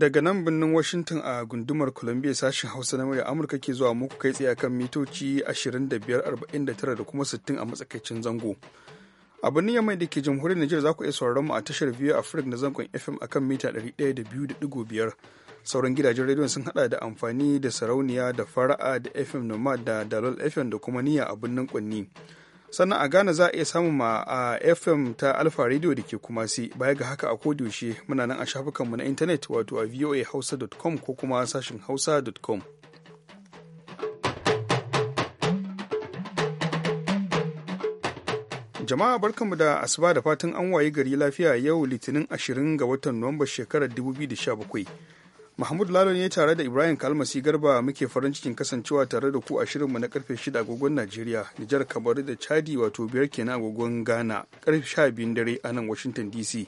daga nan birnin Washington a gundumar Columbia sashen Hausa na murya Amurka ke zuwa muku kai tsaye kan mitoci 2549 da kuma 60 a matsakaicin zango. A birnin Yamai da ke jamhuriyar Nijar za ku iya sauraron mu a tashar biyu a na zangon FM akan mita 102.5. Sauran gidajen rediyon sun hada da amfani da sarauniya da fara'a da FM Nomad da Dalol FM da kuma niyya a birnin Kwanni. sannan a Ghana za a iya samun ma a FM ta Alfa Radio da ke kumasi si baya ga haka a kodiyoshe muna nan a shafukanmu na intanet wato a voahausa.com ko kuma sashin hausa.com. Jama'a barkanmu da asuba da fatan an waye gari lafiya yau litinin 20 ga watan Nuwamba shekarar 2017. Mahmud Lalo ne tare da Ibrahim Kalmasi Garba muke farin cikin kasancewa tare da ku a shirinmu na karfe 6 agogon Najeriya, Nijar Kabaru da Chadi wato biyar kenan agogon Ghana, karfe 12 dare a nan Washington DC.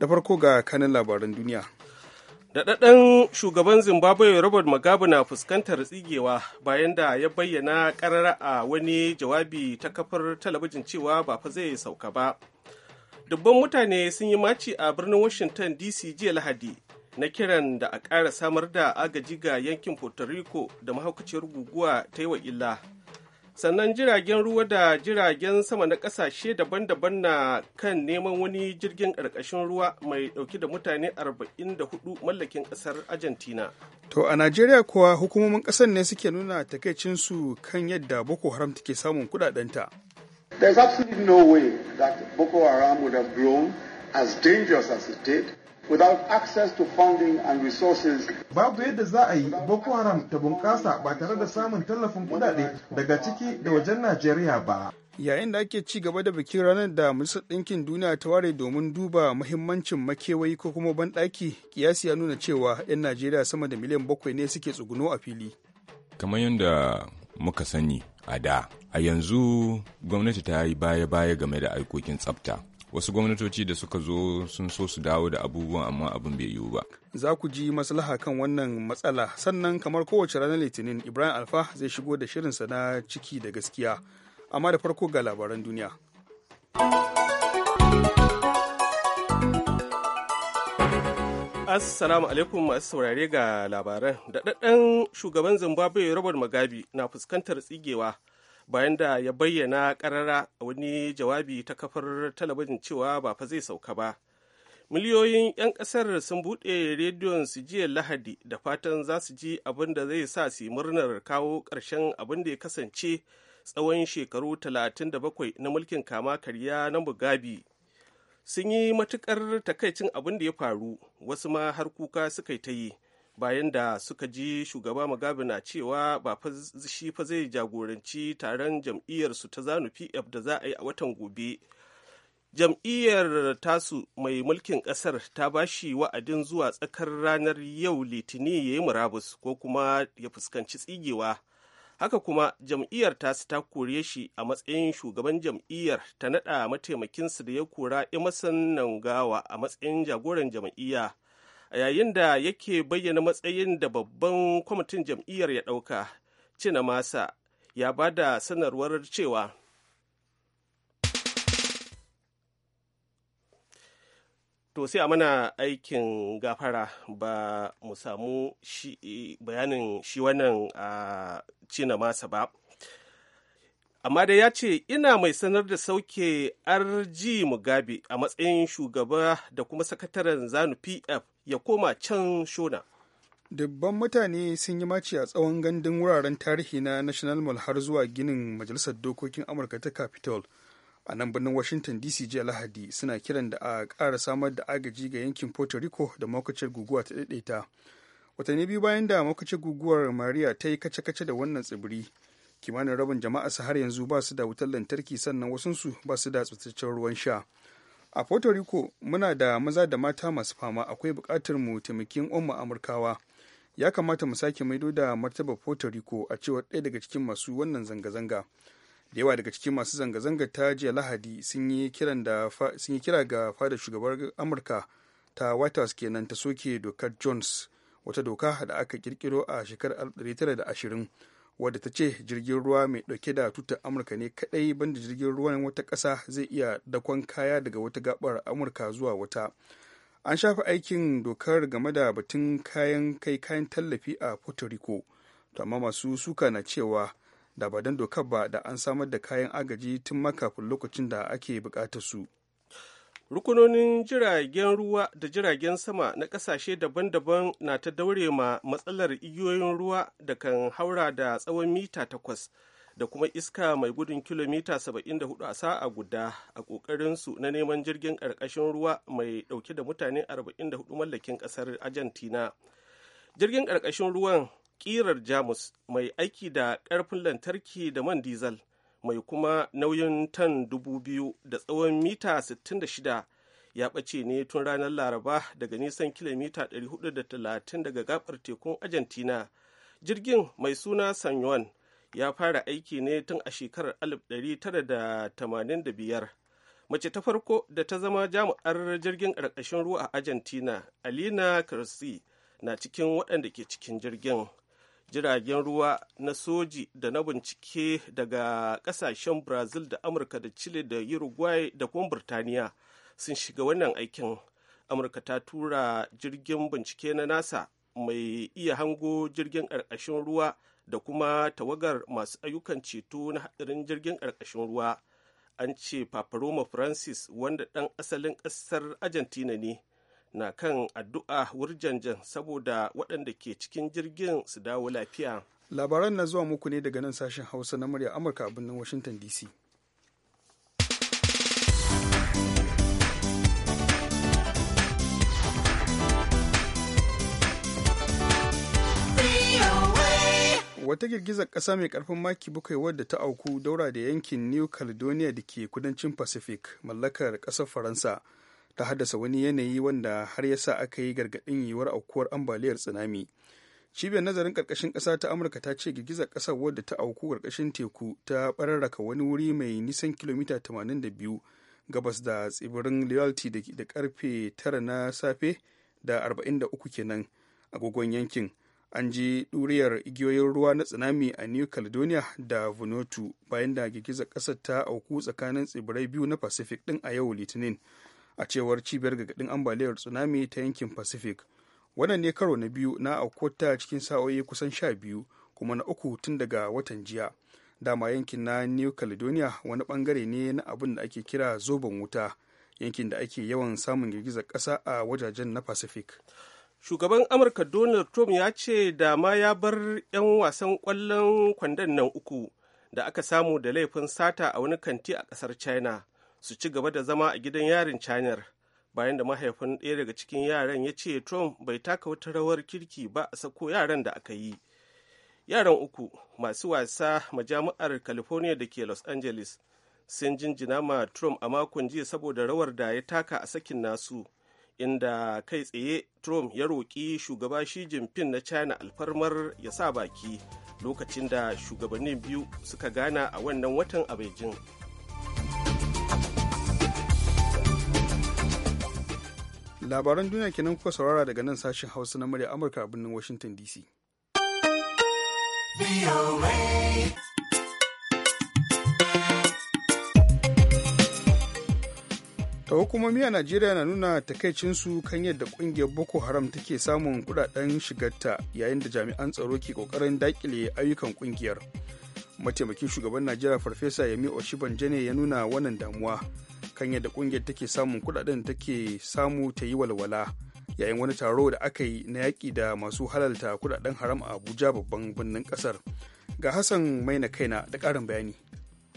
Da farko ga kanan labaran duniya. Daɗaɗɗen shugaban Zimbabwe Robert Mugabe na fuskantar tsigewa bayan da ya bayyana ƙarar a wani jawabi ta kafar talabijin cewa ba fa zai sauka ba. Dubban mutane sun yi maci a birnin Washington DC jiya Lahadi na kiran da a ƙara samar da agaji ga yankin puerto rico da mahaukaciyar guguwa ta yi wa illa sannan jiragen ruwa da jiragen sama na ƙasashe daban-daban na kan neman wani jirgin ƙarƙashin ruwa mai ɗauki da mutane 44 mallakin ƙasar argentina to a najeriya kuwa hukumomin ƙasar ne suke nuna takaicinsu kan yadda boko haram take samun kuɗaɗenta There's absolutely no way that Boko Haram would have grown as dangerous as it did without access to funding and resources. Babu yadda za a yi Boko Haram ta bunƙasa ba tare da samun tallafin kudade daga ciki da wajen Najeriya ba. Yayin da ake ci gaba da bikin ranar da Musa Ɗinkin Duniya ta ware domin duba mahimmancin makewayi ko kuma banɗaki, kiyasi ya nuna cewa 'yan Najeriya sama da miliyan bakwai ne suke tsuguno a fili. Kamar yadda muka sani a da, a yanzu gwamnati ta yi baya-baya game da aikokin tsafta. wasu gwamnatoci da suka zo sun so su dawo da abubuwan amma abin bai yiwu ba za ku ji maslaha kan wannan matsala sannan kamar kowace ranar litinin ibrahim alfa zai shigo da shirinsa na ciki da gaskiya amma da farko ga labaran duniya Assalamu alaikum masu saurare ga labaran. Daɗaɗɗen shugaban Zimbabwe Robert Mugabe na fuskantar tsigewa bayan da ya bayyana karara a wani jawabi ta kafar talabijin cewa ba fa zai sauka ba miliyoyin 'yan kasar sun buɗe rediyon su jiya lahadi da fatan za su ji abin da zai sa su murnar kawo ƙarshen abin da ya kasance tsawon shekaru 37 na mulkin kama karya na mugabe sun yi matukar takaicin abin da ya faru wasu ma har kuka suka yi ta yi bayan da suka ji shugaba mugabe na cewa ba shi fa zai jagoranci taron jam'iyyarsu ta zanu pf da za a yi a watan gobe jam'iyyar tasu mai mulkin kasar ta ba shi wa'adin zuwa tsakar ranar yau litini ya yi murabus ko kuma ya fuskanci tsigewa haka kuma jam'iyyar tasu ta kore shi a matsayin shugaban jam'iyyar ta naɗa mataimakinsu da ya kora emerson nangawa a matsayin jagoran jam'iyya a yayin da yake bayyana matsayin da babban kwamitin jam'iyyar ya ɗauka cina masa ya ba da sanarwar cewa to sai a mana aikin gafara ba mu samu bayanin shi wannan a cina masa ba amma dai ya ce ina mai sanar da sauke rg mugabe a matsayin shugaba da kuma sakataren zanu pf ya koma can shona dubban mutane sun yi maci a tsawon gandun wuraren tarihi na national mall har zuwa ginin majalisar dokokin amurka ta capitol a nan birnin washington dc jiya lahadi suna kiran da a ƙara samar da agaji ga yankin puerto rico da makwacin guguwa ta daidaita watanni biyu bayan da makwacin guguwar maria ta yi kace-kace da wannan tsibiri kimanin rabin jama'a su har yanzu ba su da wutar lantarki sannan wasunsu ba su da tsaftacen ruwan sha a puerto rico muna da maza da mata masu fama akwai bukatar mu taimakin umma amurkawa ya kamata mu sake maido da martaba puerto rico a cewar ɗaya daga cikin masu wannan zanga-zanga da yawa daga cikin masu zanga-zanga ta jiya lahadi sun yi kira ga fada shugabar amurka ta white house kenan ta soke dokar jones wata doka da aka kirkiro a shekarar 1920 wadda ta ce jirgin ruwa mai dauke da tutar amurka ne kadai banda jirgin ruwan wata ƙasa zai iya dakon kaya daga wata gabar amurka zuwa wata an shafa aikin dokar game da batun kayan kai kayan tallafi a puerto rico to amma masu suka na cewa da badan dokar ba da an samar da kayan agaji tun makafin lokacin da ake bukatar su rukunonin jiragen ruwa da jiragen sama na ƙasashe daban-daban na ta daure ma matsalar igiyoyin ruwa da kan haura da tsawon mita takwas da kuma iska mai gudun kilomita 74 a sa'a guda a ƙoƙarinsu na neman jirgin ƙarƙashin ruwa mai ɗauke da mutane 44 mallakin ƙasar argentina jirgin ƙarƙashin ruwan ƙirar jamus mai aiki da ƙarfin lantarki da man dizal mai kuma nauyin tan dubu biyu da tsawon mita 66 ya ɓace ne tun ranar laraba daga nisan kilomita 430 daga gabar tekun argentina jirgin mai suna sanyon ya fara aiki ne tun a shekarar 1985 mace ta farko da ta zama jami'ar jirgin ƙarƙashin ruwa a argentina alina kirsi na cikin waɗanda ke cikin jirgin jiragen ruwa na soji da na bincike daga kasashen brazil da amurka da chile da uruguay da kuma birtaniya sun shiga wannan aikin amurka ta tura jirgin bincike na nasa mai iya hango jirgin ƙarƙashin ruwa da kuma tawagar masu ayyukan ceto na haɗarin jirgin ƙarƙashin ruwa an ce paparoma francis wanda ɗan asalin ƙasar argentina ne na kan addu'a wurjanjan saboda waɗanda ke cikin jirgin su dawo lafiya labaran na zuwa muku ne daga nan sashen hausa na murya amurka a birnin washington dc wata girgizar ƙasa mai ƙarfin maki bakwai wadda ta auku daura da yankin new caledonia da ke kudancin pacific mallakar ƙasar faransa ta haddasa wani yanayi wanda har ya sa aka yi gargaɗin yiwuwar aukuwar ambaliyar tsunami cibiyar nazarin ƙarƙashin ƙasa ta amurka ta ce girgizar ƙasar wadda ta auku ƙarƙashin teku ta bararraka wani wuri mai nisan kilomita 82 gabas da tsibirin loyalty da ƙarfe 9 na safe da 43 kenan agogon yankin an ji ɗuriyar igiyoyin ruwa na tsunami a new caledonia da vanuatu bayan da girgizar ƙasar ta auku tsakanin tsibirai biyu na pacific ɗin a yau litinin a cewar cibiyar gargaɗin ambaliyar tsunami ta yankin pacific wannan ne karo na biyu na aukuta cikin sa'o'i kusan sha biyu kuma na uku tun daga watan jiya dama yankin na new caledonia wani bangare ne na abin da ake kira zoben wuta yankin da ake yawan samun girgizar kasa a wajajen na pacific shugaban amurka donald trump ya ce da ma ya bar 'yan wasan kwallon kwandon nan uku da aka samu da laifin sata a wani kanti a kasar china su ci gaba da zama a gidan yarin canar bayan da mahaifin ɗaya daga cikin yaran ya ce trump bai taka wata rawar kirki ba a sako yaran da aka yi yaran uku masu wasa majami'ar california da ke los angeles sun jinjina ma trump a makon jiya saboda rawar da ya taka a sakin nasu inda kai tsaye trump ya roƙi shugaba shi jinping na china alfarmar ya sa baki lokacin da shugabannin biyu suka gana a wannan watan a beijing labaran duniya kenan kuka saurara daga nan sashen hausa na murya amurka a birnin washington dc ta hukumomi a najeriya na nuna takaicinsu kan yadda kungiyar boko haram take samun kudaden shigarta yayin da jami'an tsaro ke kokarin dakile ayyukan kungiyar mataimakin shugaban najeriya farfesa yami oshibanje ne ya nuna wannan damuwa kan yadda kungiyar take samun kudaden take samu ta yi walwala yayin wani taro da aka yi na yaƙi da masu halalta kudaden haram a abuja babban birnin kasar ga hassan na kaina da ƙarin bayani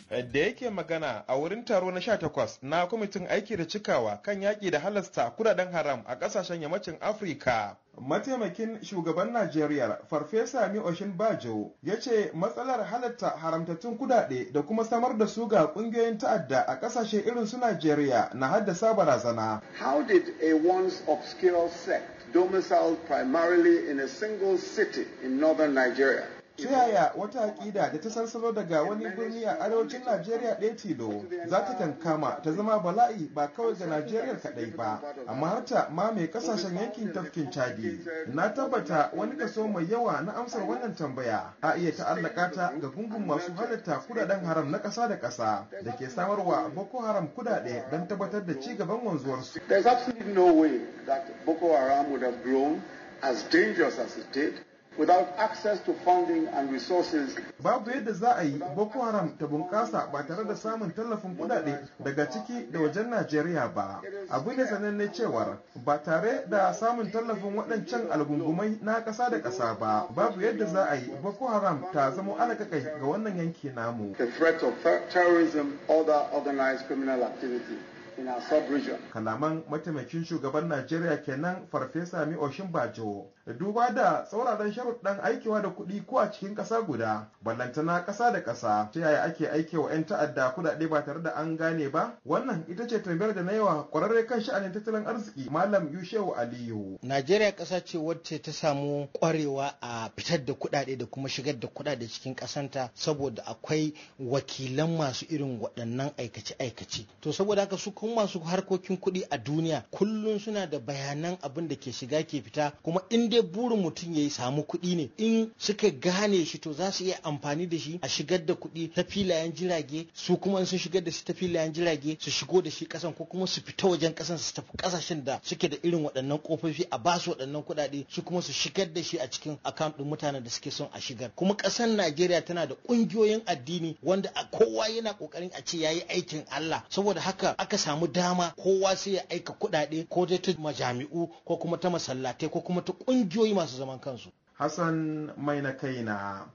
Eh, da yake magana a wurin taro na 18 na kwamitin aiki da cikawa kan yaƙi da halasta kudaden haram a ƙasashen yammacin Afirka. Mataimakin shugaban Najeriya Farfesa Mi Oshin Bajo ya ce matsalar halatta haramtattun kudade da kuma samar da su ga ƙungiyoyin ta'adda a kasashe irin su Najeriya na haddasa barazana. How did a once obscure sect domiciled primarily in a single city in northern Nigeria ta yaya wata aƙida da ta sansano daga wani birni a arewacin najeriya ɗaya tilo za ta kankama ta zama bala'i ba kawai ga najeriya kaɗai ba amma har ta mai ƙasashen yankin tafkin chadi na tabbata wani kaso mai yawa na amsar wannan tambaya a iya ta'allaka ta ga gungun masu halatta kudaden haram na ƙasa da ƙasa da ke samarwa boko haram kudade don tabbatar da ci gaban wanzuwarsu. There's absolutely without access to funding and resources. Babu yadda za a yi Boko Haram ta bunƙasa ba tare da samun tallafin kudade daga ciki da wajen Najeriya ba. Abu ne sananne cewar ba tare da samun tallafin waɗancan algungumai na ƙasa da ƙasa ba. Babu yadda za a yi Boko Haram ta zama alakakai ga wannan yanki namu. The threat of terrorism or criminal activity. Kalaman mataimakin shugaban Najeriya kenan Farfesa Mi Oshin Bajo da duba da tsauraran sharuɗan aikewa da kuɗi ko a cikin ƙasa guda ballantana ƙasa da ƙasa ta yaya ake aikewa 'yan ta'adda kuɗaɗe ba tare da an gane ba wannan ita ce tambayar da na yawa wa ƙwararre kan sha'anin tattalin arziki malam yushewu aliyu najeriya ƙasa ce wacce ta samu ƙwarewa a fitar da kuɗaɗe da kuma shigar da kuɗaɗe cikin ƙasanta saboda akwai wakilan masu irin waɗannan aikace-aikace to saboda haka su kuma masu harkokin kuɗi a duniya kullum suna da bayanan abin da ke shiga ke fita kuma inda dai burin mutum ya yi samu kuɗi ne in suka gane shi to za su iya amfani da shi a shigar da kuɗi ta filayen jirage su kuma sun shigar da shi ta filayen jirage su shigo da shi kasan ko kuma su fita wajen kasan su tafi kasashen da suke da irin waɗannan kofofi a ba su waɗannan kuɗaɗe su kuma su shigar da shi a cikin account ɗin mutanen da suke son a shigar kuma ƙasar Najeriya tana da ƙungiyoyin addini wanda a kowa yana ƙoƙarin a ce ya yi aikin Allah saboda haka aka samu dama kowa sai ya aika kuɗaɗe ko dai ta majami'u ko kuma ta masallatai ko kuma ta ƙungiyoyi kungiyoyi masu zaman kansu hassan mai na kai na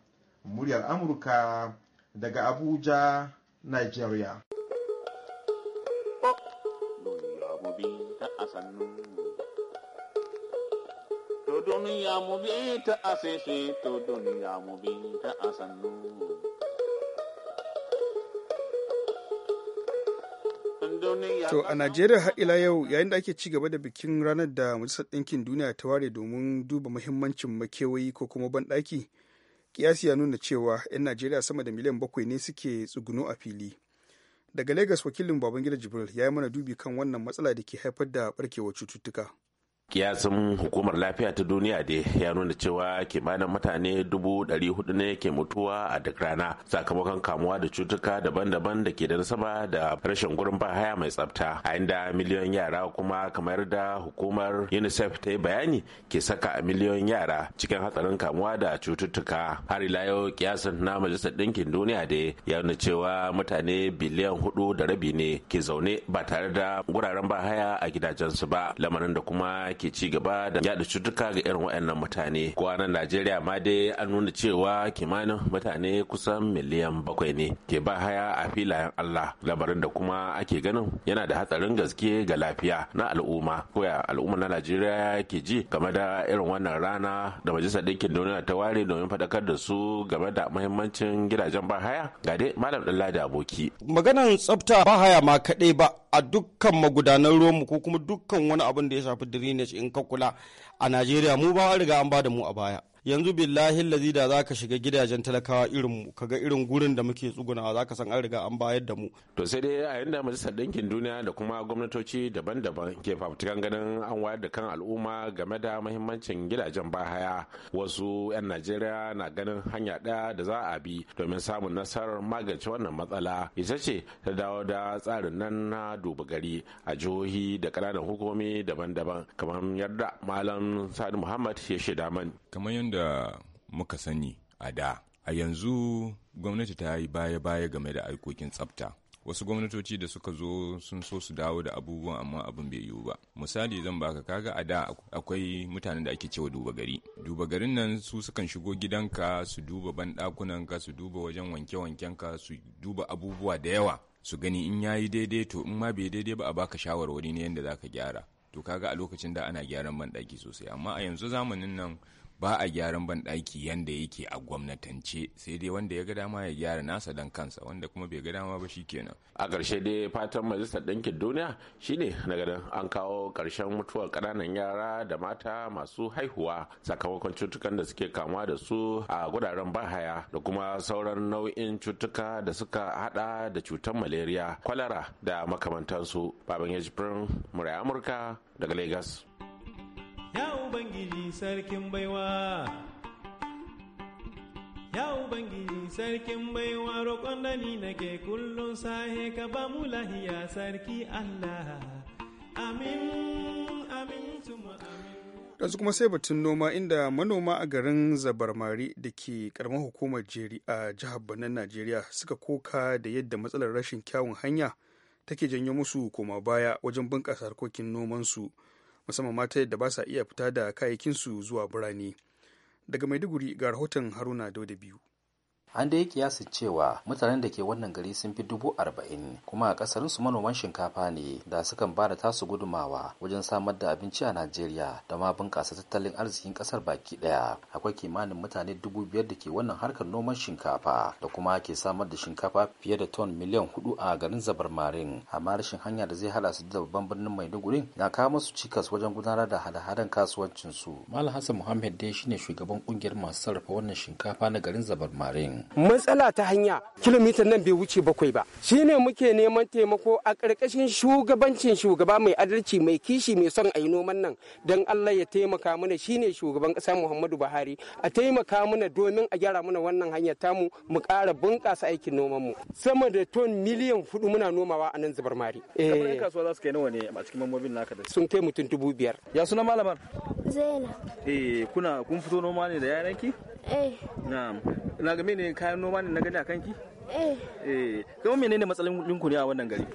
muryar amurka daga abuja nigeria To duniya mu bi ta asese, to duniya mu bi ta asannu. To a Najeriya har ila yau yayin da ake ci gaba da bikin ranar da Majalisar Ɗinkin Duniya ta ware domin duba mahimmancin makewayi ko kuma banɗaki, kiyasi ya nuna cewa 'yan Najeriya sama da miliyan bakwai ne suke tsuguno a fili. Daga Legas wakilin Babangida Jibril ya yi mana dubi kan wannan matsala da ke haifar da barkewar cututtuka. kiyasin hukumar lafiya ta duniya da ya nuna cewa kimanin mutane dubu ɗari hudu ne ke mutuwa a duk rana sakamakon kamuwa da cutuka daban-daban da ke da nasaba da rashin gurin bahaya mai tsafta a inda miliyon yara kuma kamar da hukumar unicef ta yi bayani ke saka a miliyon yara cikin hatsarin kamuwa da cututtuka har ila yau kiyasin na majalisar ɗinkin duniya da ya nuna cewa mutane biliyan hudu da rabi ne ke zaune ba tare da guraren bahaya a gidajensu ba lamarin da kuma ke ci gaba da yada cutuka ga irin waɗannan mutane kwanan najeriya ma dai an nuna cewa kimanin mutane kusan miliyan bakwai ne ke ba haya a filayen allah labarin da kuma ake ganin yana da hatsarin gaske ga lafiya na al'umma koya al'umma na najeriya ke ji game da irin wannan rana da majalisar ɗinkin duniya ta ware domin faɗakar da su game da muhimmancin gidajen ba haya ga dai malam ɗan da aboki maganan tsafta ba haya ma kaɗai ba a dukkan magudanan ruwanmu ko kuma dukkan wani abin da ya shafi drainage in ka kula a najeriya mu ba riga an ba da mu a baya yanzu billahi lazi da za ka shiga gidajen talakawa irinmu ka ga irin gurin da muke tsugunawa za ka san an riga an bayar da mu. to sai dai a yanda majalisar ɗinkin duniya da kuma gwamnatoci daban-daban ke fafutukan ganin an wayar da kan al'umma game da mahimmancin gidajen bahaya wasu 'yan najeriya na ganin hanya ɗaya da za a bi domin samun nasarar magance wannan matsala ita ce ta dawo da tsarin nan na duba gari a jihohi da ƙananan hukumomi daban-daban kamar yadda malam sadi muhammad ya shaida mani. kamar yadda muka sani a da a yanzu gwamnati ta yi baya-baya game da aikokin tsafta wasu gwamnatoci da suka zo sun so su dawo da abubuwan amma abin bai yiwu ba misali zan baka kaga a da akwai mutanen da ake cewa duba gari duba garin nan su sukan shigo gidanka su duba ka su duba wajen wanke-wankenka su duba abubuwa da yawa su gani in yayi daidai to in ma bai daidai ba a baka shawarwari ne yadda ka gyara to kaga a lokacin da ana gyaran banɗaki sosai amma a yanzu zamanin nan ba a gyaran banɗaki yanda yake a gwamnatance sai dai wanda ya ga dama ya gyara nasa don kansa wanda kuma bai ga dama ba shikenan a ƙarshe dai fatan majalisar ɗinkin duniya shine na ganin an kawo ƙarshen mutuwar ƙananan yara da mata masu haihuwa sakamakon cutukan da suke kamuwa da su a guraren bahaya da kuma sauran nau'in cutuka da suka hada da cutar malaria kwalara da makamantansu baban ya murai amurka daga lagos Ya Ubangiji sarkin baiwa. Ya Ubangiji sarkin baiwa roƙon da ni nake kullum sahe ka ba mu lahiya sarki Allah. Amin, amin, tuma amin. yanzu kuma sai batun noma inda manoma a garin zabarmari da ke karamar hukumar jeri a jihar bannan najeriya suka koka da yadda matsalar rashin kyawun hanya take janyo musu koma baya wajen bunƙasa harkokin nomansu musamman mata yadda ba sa iya fita da kayayyakinsu zuwa birane daga maiduguri ga rahoton haruna dau da biyu an da ya kiyasa cewa mutanen da ke wannan gari sun fi dubu arba'in kuma a kasarin su manoman shinkafa ne da sukan ba da tasu gudumawa wajen samar da abinci a najeriya da ma bunƙasa tattalin arzikin ƙasar baki ɗaya akwai kimanin mutane dubu biyar da ke wannan harkar noman shinkafa da kuma ke samar da shinkafa fiye da ton miliyan hudu a garin zabar-marin, amma rashin hanya da zai hada su da babban birnin maiduguri na kawo musu cikas wajen gudanar da hada-hadan kasuwancinsu malam hassan muhammad dai shine shugaban kungiyar masu sarrafa wannan shinkafa na garin zabarmarin matsala ta hanya kilomita nan bai wuce bakwai ba Shi ne muke neman taimako a ƙarƙashin shugabancin shugaba mai adalci mai kishi mai son ayi noman nan don Allah ya taimaka mana shi ne shugaban ƙasa Muhammadu Buhari a taimaka mana domin a gyara mana wannan hanyar tamu mu ƙara bunƙasa aikin noman mu sama da ton miliyan hudu muna nomawa a nan zubar mari eh. kasuwa za su kai nawa ne a cikin mambobin naka sun kai mutum dubu biyar ya suna malamar zainab eh kuna kun fito noma ne da yaranki Eh. na ga mene kayan noma ne na gani a kanki eh eh kuma menene matsalolin ku ne a wannan gari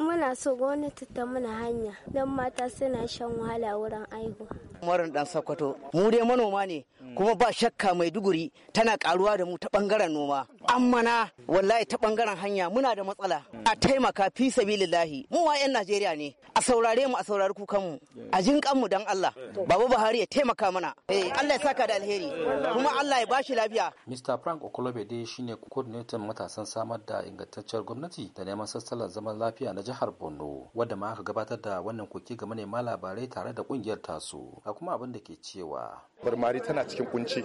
muna so gwamnati ta muna hanya don mata suna shan wahala wurin aihuwa. Marin dan sakwato, mu dai manoma ne kuma ba shakka mai duguri tana karuwa da mu ta bangaren noma. Amma wallahi ta bangaren hanya muna da matsala. A taimaka fi sabilillahi. Mu wa 'yan Najeriya ne. A saurare mu a saurari kukan mu. A jin kanmu dan Allah. Baba Buhari ya taimaka mana. Eh Allah ya saka da alheri. Kuma Allah ya bashi lafiya. Mr Frank Okolobe dai shine coordinator matasan samar da ingantacciyar gwamnati da neman sassalar zaman lafiya lafiya na jihar Borno wadda ma aka gabatar da wannan koke ga manema labarai tare da kungiyar tasu ga kuma abin da ke cewa barmari tana cikin kunci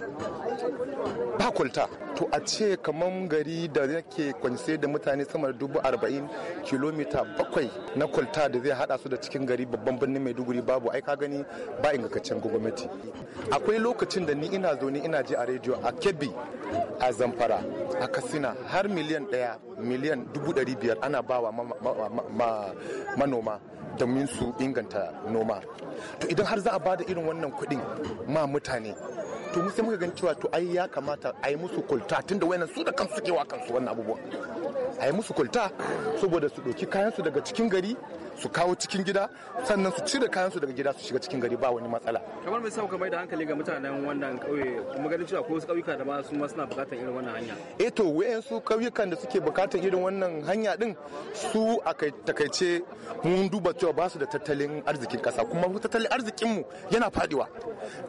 ba kwalta to a ce kamar gari da yake kwance da mutane sama da dubu arba'in kilomita bakwai na kwalta da zai hada su da cikin gari babban birnin maiduguri babu ai ka gani ba ingantaccen gwamnati akwai lokacin da ni ina zo ni ina ji a rediyo a kebbi a zamfara a katsina har miliyan daya miliyan dubu dari biyar ana bawa manoma domin su inganta noma to idan har za a bada irin wannan kuɗin ma mutane to mu sai muka gan cewa to ai ya kamata a yi musu kulta tun da wayannan su da kansu suke wa kansu wannan abubuwan a yi musu kwalta saboda su ɗauki kayansu daga cikin gari su kawo cikin gida sannan su cire kayansu daga gida su shiga cikin gari ba wani matsala kamar mai sauka mai da hankali ga mutanen wannan kauye kuma ganin cewa ko wasu kauyuka da ma su ma suna bukatar irin wannan hanya eh to wayansu kauyukan da suke bukatar irin wannan hanya din su a takaice mun duba cewa ba su da tattalin arzikin kasa kuma tattalin arzikin mu yana faɗiwa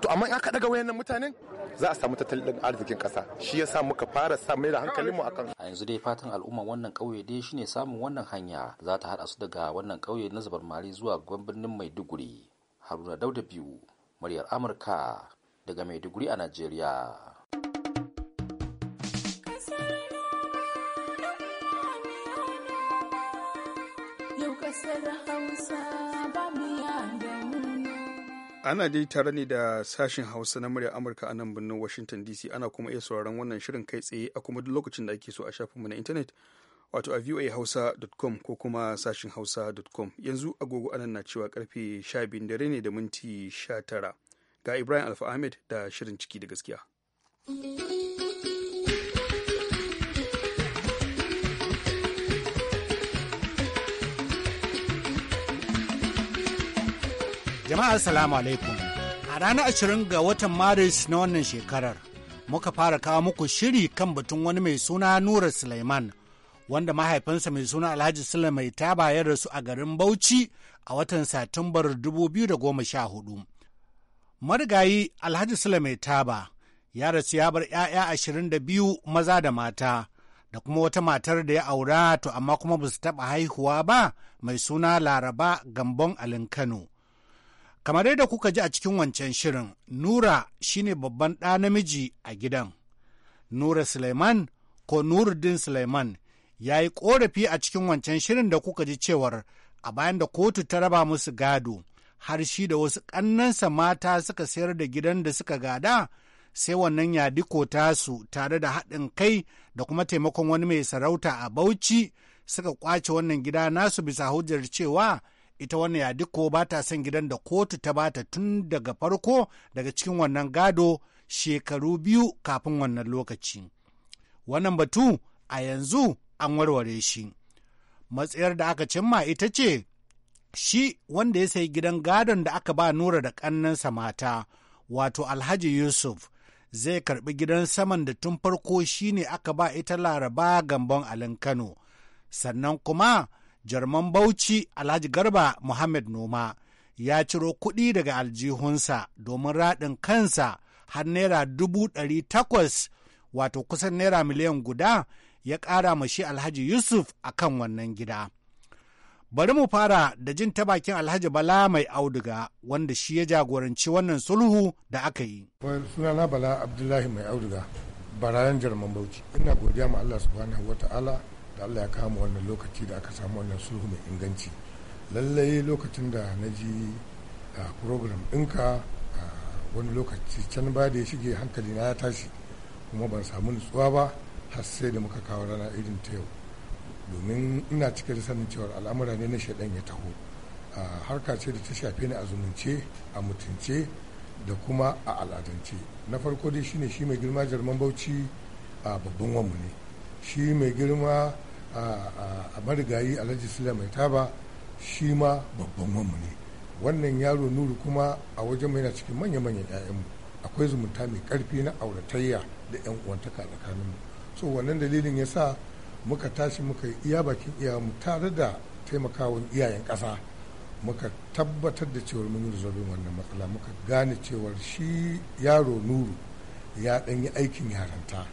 to amma in aka daga wayannan mutanen za a samu tattalin arzikin ƙasa. shi yasa muka fara sa mai da mu akan a yanzu dai fatan al'umman wannan kauye dai shine samun wannan hanya za ta haɗa su daga wannan kauye na zabar mari zuwa gwamnan birnin maiduguri haruna dauda biyu muryar amurka daga maiduguri a najeriya yau kasar hausa ba mu ana dai tare ne da sashen hausa na murya amurka a nan birnin washington dc ana kuma iya sauraron wannan shirin kai tsaye a kuma duk lokacin da ake so a shafinmu na intanet wato a voahausa.com ko kuma sashin hausa.com yanzu agogo anan na cewa karfe 12 dare ne da minti 19 ga ibrahim alfa ahmed da shirin ciki da gaskiya. Jama'a Assalamu alaikum. A ranar ashirin ga watan Maris na wannan shekarar, muka fara kawo muku shiri kan batun wani mai suna Nura Sulaiman, wanda mahaifinsa mai suna Alhaji Suleiman ta bayar da su a garin Bauchi a watan Satumbar 2014. Marigayi Alhaji Suleiman taba ya rasu ya bar 'ya'ya ashirin da biyu maza da mata. da kuma wata matar da ya aura to amma kuma ba su taɓa haihuwa ba mai suna laraba gambon alinkano kano Kamar yadda kuka ji a cikin wancan shirin, Nura shine babban ɗa namiji a gidan. Nura Suleiman ko Nuruddin Suleiman ya yi korafi a cikin wancan shirin da kuka ji cewar a bayan da kotu ta raba musu gado, har shi da wasu ƙannansa mata suka sayar da gidan da suka gada, sai wannan yadiko tasu tare da haɗin kai da kuma taimakon wani mai sarauta a Bauchi suka kwace wannan gida nasu bisa hujjar cewa ita wannan yadiko ba ta son gidan da kotu ta bata tun daga farko daga cikin wannan gado shekaru biyu kafin wannan lokaci wannan batu a yanzu an warware shi matsayar da aka cimma ita ce shi wanda ya sayi gidan gadon da aka ba nura da ƙannansa mata wato alhaji yusuf zai karbi gidan saman da tun farko shine aka ba ita laraba gambon alin kano sannan kuma jarman bauchi alhaji garba muhammad noma ya ciro kuɗi daga aljihunsa domin raɗin kansa har naira dubu ɗari takwas wato kusan naira miliyan guda ya ƙara mashi shi alhaji yusuf a kan wannan gida bari mu fara da jin ta bakin alhaji bala mai auduga wanda shi ya jagoranci wannan sulhu da aka yi sunana bala abdullahi mai auduga barayan jarman bauchi ina godiya ma allah subhanahu wa ta'ala da allah ya kama wannan lokaci da aka samu wannan sulhu mai inganci lallai lokacin da na ji program ɗinka wani lokaci can ba da ya shige hankali na ya tashi kuma ban samu nutsuwa ba har sai da muka kawo rana irin ta yau domin ina cike da sanin cewar al'amura ne na shaidan ya taho harka ce da ta shafe ni a zumunce a mutunce da kuma a al'adance na farko dai shine shi mai girma jarman bauchi a babban wanmu ne shi mai girma a marigayi a sila mai taba shi ma babban wanmu ne wannan yaro nuru kuma a wajen mai na cikin manya-manyan 'ya'yanmu akwai zumunta mai karfi na auratayya da 'yan uwantaka mu so wannan dalilin ya sa muka tashi muka iya bakin iyayenmu tare da taimakawan iyayen ƙasa muka tabbatar da cewar mun yi wannan matsala muka gane cewar shi yaro nuru ya ɗan yi aikin yaranta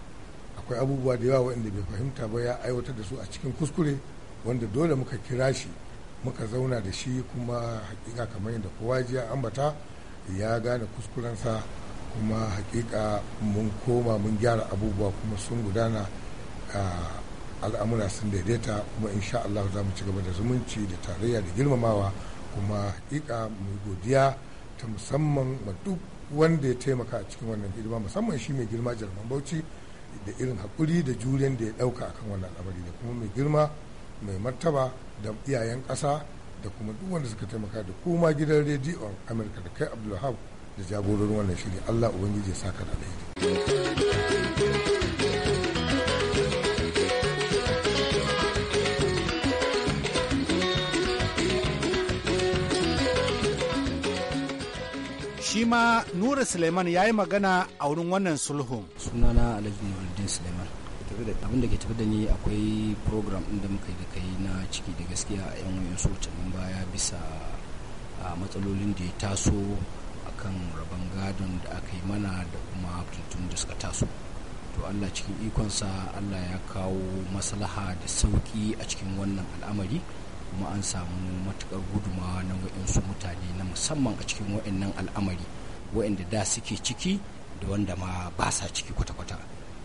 akwai abubuwa da yawa waɗanda bai fahimta ba ya aiwatar da su a cikin kuskure wanda dole muka kira shi muka zauna da shi kuma hakika kamar yadda kowa ji ambata ya gane kuskurensa kuma hakika mun koma mun gyara abubuwa kuma sun gudana al'amura sun daidaita kuma insha Allah za mu ci gaba da zumunci da tarayya da girmamawa kuma hakika mu godiya ta musamman ma duk wanda ya taimaka a cikin wannan hidima musamman shi mai girma jaruman bauchi da irin haƙuri da juriyan da ya ɗauka akan wannan al'amari da kuma mai girma mai martaba da iyayen ƙasa da kuma duk wanda suka taimaka da kuma gidan rediyon amurka da kai abdulhab da jagororin wannan shiri allah ubangiji ya ka da alheri shi ma Nura Suleiman ya yi magana a wurin wannan sulhun. sunana alhaji nuruddin suleiman abin da ke tafi da ni akwai program ɗin da muka yi da kai na ciki da gaskiya a yan wayan sotanin baya bisa a matsalolin da ya taso akan rabon gadon da aka yi mana da kuma tuntun da suka taso to allah cikin ikonsa allah ya kawo maslaha da sauki a cikin wannan al'amari kuma an samu matukar gudumawa na su mutane na musamman a cikin wayannan al'amari wayanda da suke ciki da wanda ma ba sa ciki kwata-kwata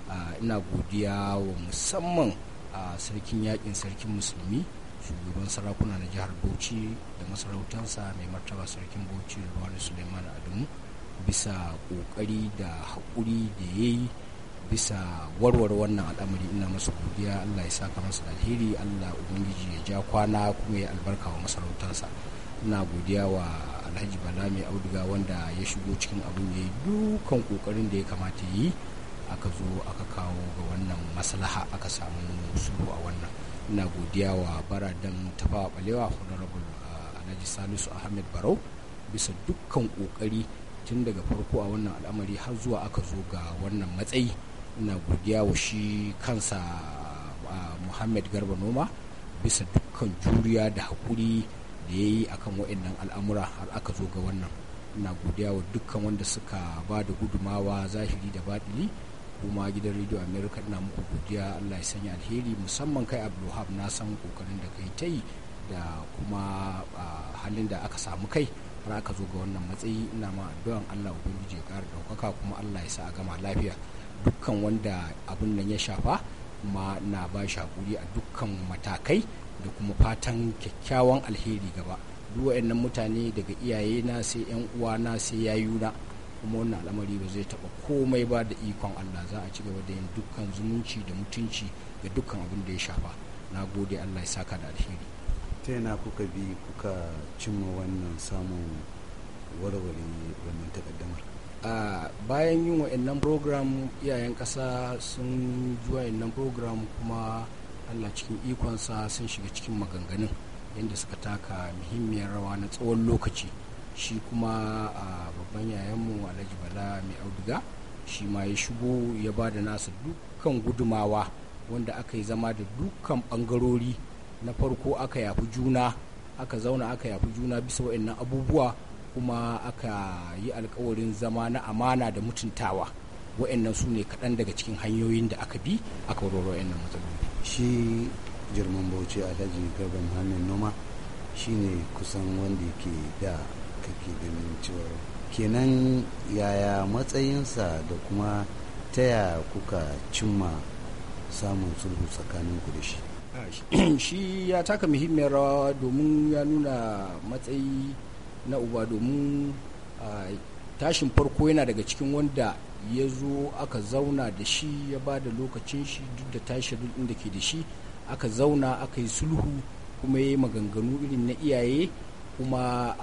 ah, ina godiya wa musamman a sarkin yakin sarkin musulmi shugaban sarakuna na jihar bauchi da masarautarsa mai martaba sarkin bauchi ruwanu suleiman adamu bisa kokari da haƙuri da ya yi bisa warware wannan al'amari ina masa godiya allah ya saka masa alheri allah ubangiji ya ja kwana kuma ya albarka wa masarautarsa ina godiya wa alhaji bala mai auduga wanda ya shigo cikin abin ya yi dukan kokarin da ya kamata yi aka zo aka kawo ga wannan maslaha aka samu sulhu a wannan ina godiya wa bara baradan tafawa balewa honorable ah, alhaji salisu ahmed barau bisa dukkan kokari tun daga farko a wannan al'amari har zuwa aka zo ga wannan matsayi ina godiya wa shi kansa ah, muhammad garba noma bisa dukkan juriya da hakuri da ya yi akan waɗannan al'amura har aka zo ga wannan ina godiya wa dukkan wanda suka ba da gudumawa zahiri da baɗili kuma gidan rediyo america ina muku godiya allah ya sanya alheri musamman kai abdulhab na san kokarin da kai ta yi da kuma halin da aka samu kai har aka zo ga wannan matsayi ina ma addu'an allah ubangiji ya ƙara ɗaukaka kuma allah ya sa a gama lafiya dukkan wanda abun nan ya shafa ma na ba shi a dukkan matakai da kuma fatan kyakkyawan alheri gaba duk waɗannan mutane daga iyaye na sai yan uwa na sai na kuma wannan al'amari ba zai taɓa komai ba da ikon Allah za a ci gaba da yin dukkan zumunci da mutunci ga dukkan abin da ya shafa na gode Allah ya saka da alheri ta yana kuka bi kuka cimma wannan samun warware wannan takaddamar a bayan yin wa'annan program iyayen kasa sun ji wa'annan program kuma allah cikin ikonsa sun shiga cikin maganganun yadda suka taka muhimmiyar rawa na tsawon lokaci shi kuma a babban yayanmu alhaji bala mai auduga shi ma ya shigo ya ba da nasa dukkan gudumawa wanda aka yi zama da dukkan bangarori na farko aka yafi juna aka zauna aka yafi juna bisa waɗannan abubuwa kuma aka yi alkawarin zama na amana da mutuntawa wa'annan su ne kaɗan daga cikin hanyoyin da aka bi aka warware wa'annan matsaloli shi jirman bauchi alhaji gaban hannun noma shi ne kusan wanda ke da kake ganin cewa kenan yaya matsayinsa da kuma taya kuka cimma samun sulhu tsakaninku da shi shi ya taka muhimmiyar rawa domin ya nuna matsayi na uba domin ah, tashin farko yana daga cikin wanda ya zo aka zauna da shi ya ba da lokacin shi duk da tashi duk da ke da shi aka zauna aka yi sulhu kuma ya yi maganganu irin na iyaye kuma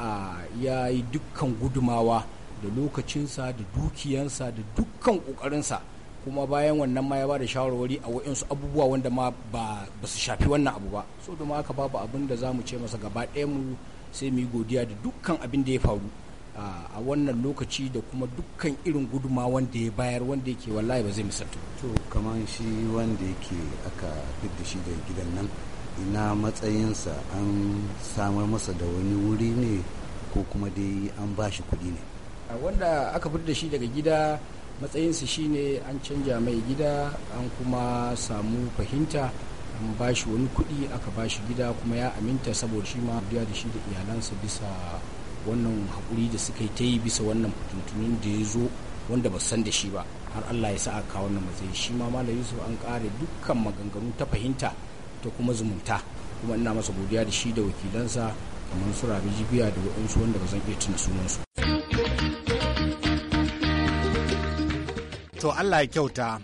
ya yi dukkan gudumawa da lokacinsa da dukiyansa da dukkan ƙoƙarinsa kuma bayan wannan ma ya ba da shawarwari a wa'insu abubuwa wanda ma ba su shafi wannan abu ba so da ma aka babu abin da za mu ce masa gaba ɗaya mu sai mu yi godiya da dukkan abin da ya faru a wannan lokaci da kuma dukkan irin guduma wanda ya bayar wanda yake wallahi ba zai misaltu to kamar shi wanda yake aka fidda shi da gidan nan ina matsayinsa an samar masa da wani wuri ne ko kuma dai an ba shi kuɗi ne wanda aka fidda shi daga gida matsayinsa shine an canja mai gida an kuma samu fahimta an ba shi wani kuɗi aka ba shi gida kuma ya aminta saboda shi ma biya da shi da iyalansa bisa wannan haƙuri da suka yi ta yi bisa wannan fitintunin da ya zo wanda ba san da shi ba har Allah ya sa a kawo wannan matsayi shi ma Malam Yusuf an ƙare dukkan maganganu ta fahimta ta kuma zumunta kuma ina masa godiya da shi da wakilansa kamar su Rabi Jibiya da waɗansu wanda ba zan iya tuna sunansu. To Allah ya kyauta.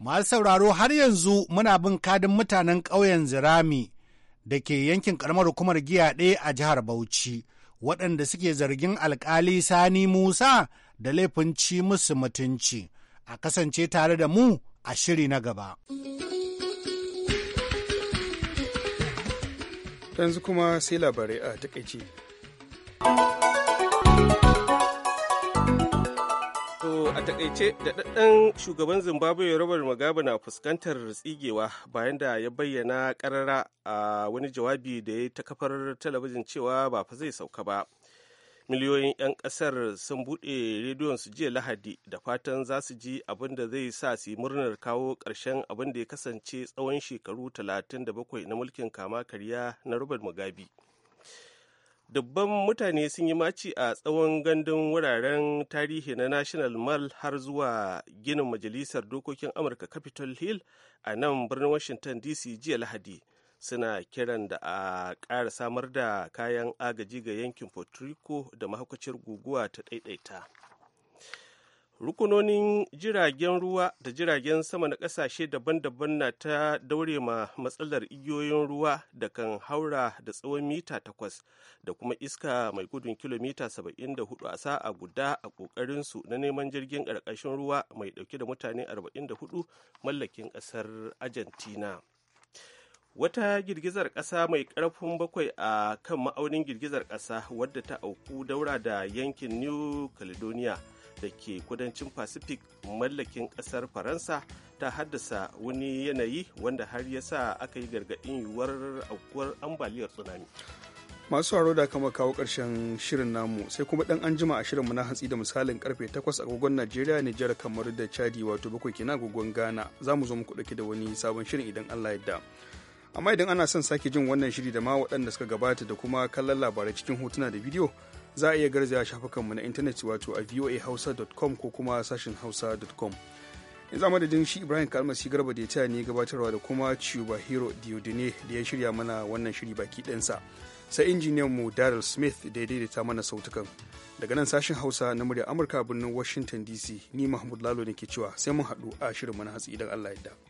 Masu sauraro har yanzu muna bin kadin mutanen ƙauyen Zirami da ke yankin ƙaramar hukumar giya ɗaya a jihar Bauchi. waɗanda suke zargin alƙali Sani Musa da laifin ci musu mutunci. A kasance tare da mu a shiri na gaba. Yanzu kuma sai labarai a takaice. To a takaice da shugaban Zimbabwe Robert Mugabe na fuskantar tsigewa bayan da ya bayyana karara a wani jawabi da ya ta kafar talabijin cewa ba fa zai sauka ba. Miliyoyin 'yan ƙasar sun buɗe rediyon su jiya Lahadi da fatan za su ji abin da zai sa su murnar kawo ƙarshen abin da ya kasance tsawon shekaru 37 na mulkin kama karya na Robert Mugabe. dubban mutane sun yi maci a tsawon gandun wuraren tarihi na national mall har zuwa ginin majalisar dokokin amurka capitol hill a nan birnin washington dc jiya lahadi suna kiran da a ƙara samar da kayan agaji ga yankin puerto rico da mahaukacin guguwa ta ɗaiɗaita rukunonin jiragen ruwa da jiragen sama na ƙasashe daban-daban na ta daure ma matsalar igiyoyin ruwa da kan haura da tsawon mita takwas da kuma iska mai gudun kilomita 74 a sa'a guda a ƙoƙarinsu na neman jirgin ƙarƙashin ruwa mai ɗauke da mutane 44 mallakin ƙasar argentina wata girgizar ƙasa mai ƙarfin bakwai a kan ma'aunin girgizar ƙasa wadda ta auku daura da yankin new caledonia da ke kudancin pacific mallakin kasar faransa ta haddasa wani yanayi wanda har ya sa aka yi gargaɗin yiwuwar aukuwar ambaliyar tsunami masu haro da kama kawo ƙarshen shirin namu sai kuma ɗan an jima a shirinmu na hantsi da misalin karfe 8 agogon najeriya nijar kamar da chadi wato bakwai kenan agogon ghana za mu zo muku ɗauke da wani sabon shirin idan allah yadda amma idan ana son sake jin wannan shiri da ma waɗanda suka gabata da kuma kallon labarai cikin hotuna da bidiyo za a iya garzaya shafukanmu na intanet wato a voahausa.com ko kuma sashin hausa.com yanzu a madadin shi ibrahim kalmasi garba da ya taya ne gabatarwa da kuma ciuba hero diodine da ya shirya mana wannan shiri baki ɗansa sai injiniyan mu daryl smith da ya daidaita mana sautukan daga nan sashin hausa na murya amurka birnin washington dc ni mahmud lalo ne ke cewa sai mun haɗu a shirin mana hatsi idan allah ya da.